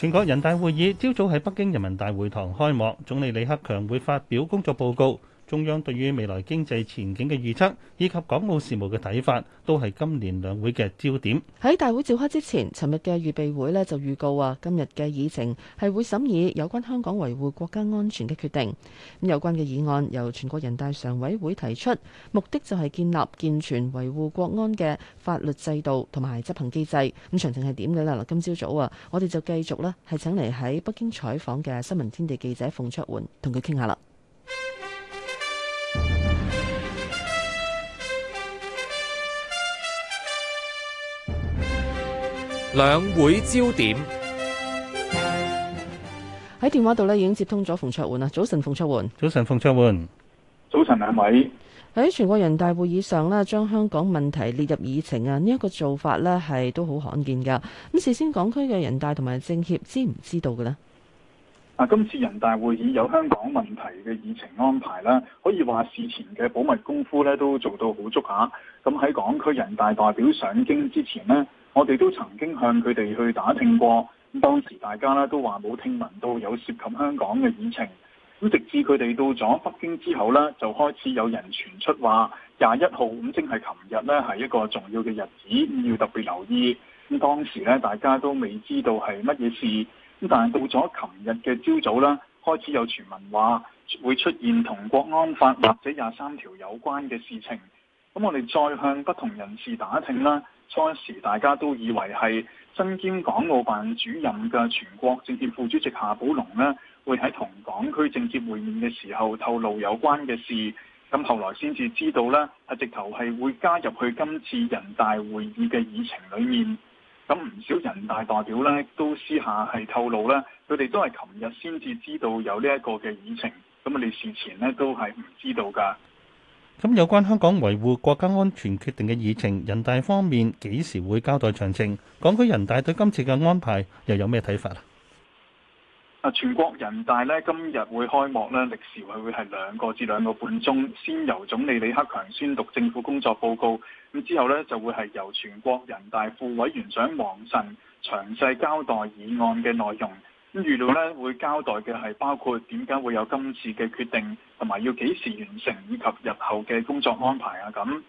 全國人大會議朝早喺北京人民大會堂開幕，總理李克強會發表工作報告。中央對於未來經濟前景嘅預測，以及港澳事務嘅睇法，都係今年兩會嘅焦點。喺大會召開之前，尋日嘅預備會咧就預告話，啊，今日嘅議程係會審議有關香港維護國家安全嘅決定。咁有關嘅議案由全國人大常委會提出，目的就係建立健全維護國安嘅法律制度同埋執行機制。咁詳情係點嘅咧？嗱，今朝早啊，我哋就繼續咧係請嚟喺北京採訪嘅新聞天地記者馮卓垣同佢傾下啦。兩會焦點，喺電話度咧，已經接通咗馮卓垣啦。早晨，馮卓垣早晨，馮卓垣早晨啊，兩位。喺全國人大會議上咧，將香港問題列入議程啊，呢一個做法咧係都好罕見噶。咁事先港區嘅人大同埋政協知唔知道嘅咧？啊，今次人大會議有香港問題嘅議程安排啦，可以話事前嘅保密功夫咧都做到好足吓。咁喺港區人大代表上京之前咧，我哋都曾經向佢哋去打聽過，咁當時大家呢都話冇聽聞到有涉及香港嘅議程，咁直至佢哋到咗北京之後呢，就開始有人傳出話廿一號，咁正係琴日呢係一個重要嘅日子，要特別留意。咁當時呢大家都未知道係乜嘢事，咁但係到咗琴日嘅朝早啦，開始有傳聞話會出現同國安法或者廿三條有關嘅事情。咁我哋再向不同人士打聽啦。初時大家都以為係身兼港澳辦主任嘅全國政協副主席夏寶龍呢，會喺同港區政協會面嘅時候透露有關嘅事，咁後來先至知道呢，係直頭係會加入去今次人大會議嘅議程裡面。咁唔少人大代表呢都私下係透露呢，佢哋都係琴日先至知道有呢一個嘅議程，咁我哋事前呢都係唔知道㗎。咁有關香港維護國家安全決定嘅議程，人大方面幾時會交代詳情？港區人大對今次嘅安排又有咩睇法啊？全國人大今日會開幕咧，歷時會係兩個至兩個半鐘，先由總理李克強宣讀政府工作報告，咁之後就會係由全國人大副委員長王晨詳細交代議案嘅內容。咁預料咧會交代嘅係包括點解會有今次嘅決定，同埋要幾時完成，以及日後嘅工作安排啊咁。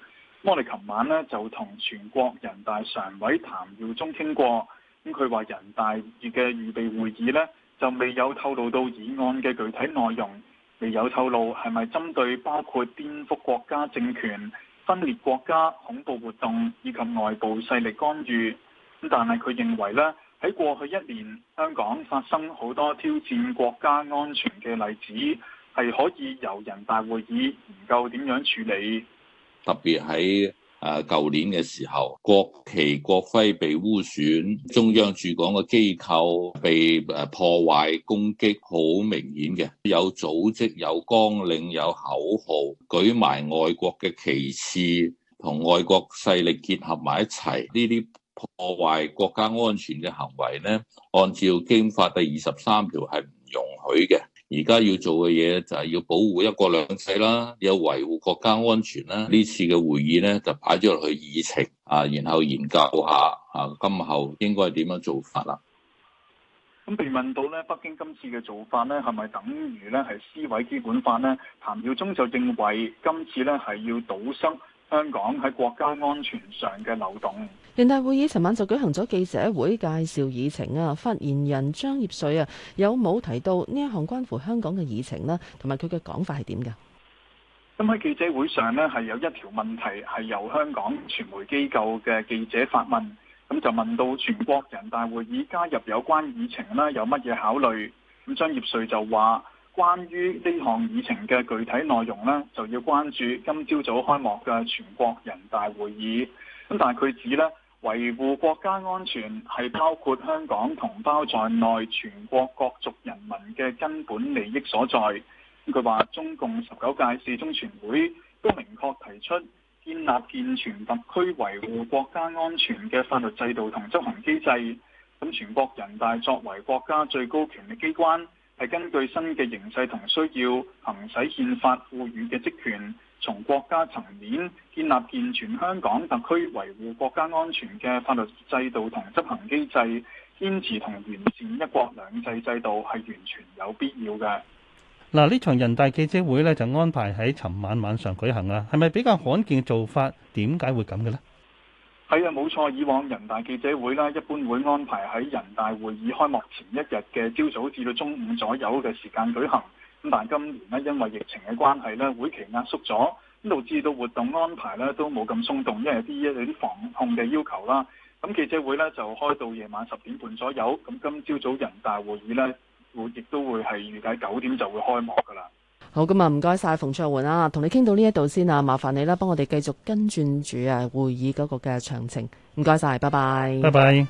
我哋琴晚咧就同全國人大常委譚耀宗傾過，咁佢話人大嘅預備會議咧就未有透露到議案嘅具體內容，未有透露係咪針對包括顛覆國家政權、分裂國家、恐怖活動以及外部勢力干預。咁但係佢認為咧。喺過去一年，香港發生好多挑戰國家安全嘅例子，係可以由人大會議研究點樣處理。特別喺誒舊年嘅時候，國旗國徽被污損，中央駐港嘅機構被誒破壞攻擊，好明顯嘅有組織、有綱領、有口號，舉埋外國嘅旗幟，同外國勢力結合埋一齊，呢啲破壞國家安全嘅行為咧，按照《經法》第二十三條係唔容許嘅。而家要做嘅嘢就係要保護一國兩制啦，要維護國家安全啦。呢次嘅會議咧就擺咗落去議程啊，然後研究下啊，今後應該係點樣做法啦。咁被問到咧，北京今次嘅做法咧，係咪等於咧係撕毀基本法咧？譚耀宗就認為今次咧係要堵塞。香港喺國家安全上嘅漏洞。人大會議尋晚就舉行咗記者會，介紹議程啊。發言人張業遂啊，有冇提到呢一項關乎香港嘅議程呢？同埋佢嘅講法係點㗎？咁喺、嗯、記者會上呢，係有一條問題係由香港傳媒機構嘅記者發問，咁、嗯、就問到全國人大會議加入有關議程啦，有乜嘢考慮？咁、嗯、張業遂就話。關於呢項議程嘅具體內容呢就要關注今朝早開幕嘅全國人大會議。咁但係佢指呢，維護國家安全係包括香港同胞在內全國各族人民嘅根本利益所在。佢話中共十九屆四中全會都明確提出，建立健全特區維護國家安全嘅法律制度同執行機制。咁全國人大作為國家最高權力機關，係根據新嘅形勢同需要，行使憲法賦予嘅職權，從國家層面建立健全香港特區維護國家安全嘅法律制度同執行機制，堅持同完善一國兩制制度係完全有必要嘅。嗱，呢場人大記者會呢，就安排喺尋晚晚上舉行啊，係咪比較罕見嘅做法？點解會咁嘅呢？係啊，冇錯。以往人大記者會咧，一般會安排喺人大會議開幕前一日嘅朝早至到中午左右嘅時間舉行。咁但係今年呢，因為疫情嘅關係呢，會期壓縮咗，咁導致到活動安排呢都冇咁鬆動，因為啲一啲防控嘅要求啦。咁記者會呢，就開到夜晚十點半左右。咁今朝早人大會議呢，會亦都會係預計九點就會開幕㗎啦。好咁啊，唔該晒。馮卓垣啊，同你傾到呢一度先啊，麻煩你啦，幫我哋繼續跟轉住啊會議嗰個嘅詳情。唔該晒，拜拜。拜拜。